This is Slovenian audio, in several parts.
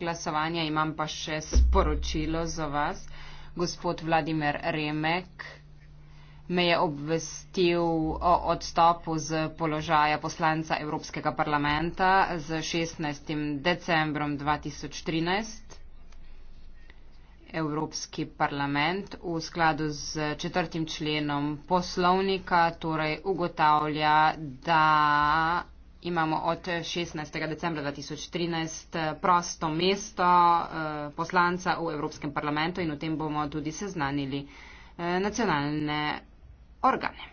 glasovanja imam pa še sporočilo za vas. Gospod Vladimir Remek me je obvestil o odstopu z položaja poslanca Evropskega parlamenta z 16. decembrom 2013. Evropski parlament v skladu z četrtim členom poslovnika torej ugotavlja, da imamo od 16. decembra 2013 eh, prosto mesto eh, poslanca v Evropskem parlamentu in o tem bomo tudi seznanili eh, nacionalne organe.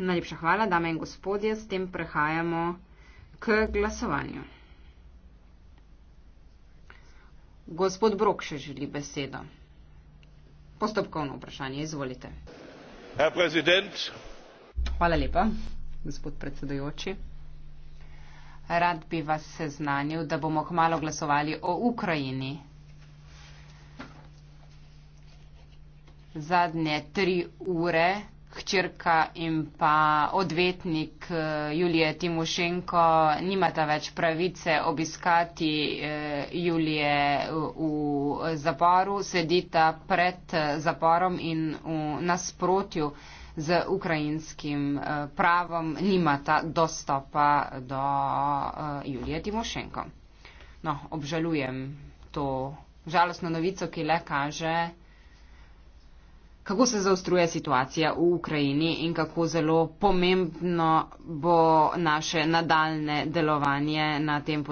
Najlepša hvala, dame in gospodje, s tem prehajamo k glasovanju. Gospod Brok še želi besedo. Postopkovno vprašanje, izvolite. Hvala lepa, gospod predsedujoči. Rad bi vas seznanil, da bomo kmalo glasovali o Ukrajini. Zadnje tri ure hčerka in pa odvetnik eh, Julije Timošenko nimata več pravice obiskati eh, Julije v zaporu, sedita pred eh, zaporom in v nasprotju z ukrajinskim pravom nimata dostopa do Julije Timošenko. No, obžalujem to žalostno novico, ki le kaže, kako se zaostruje situacija v Ukrajini in kako zelo pomembno bo naše nadaljne delovanje na tem področju.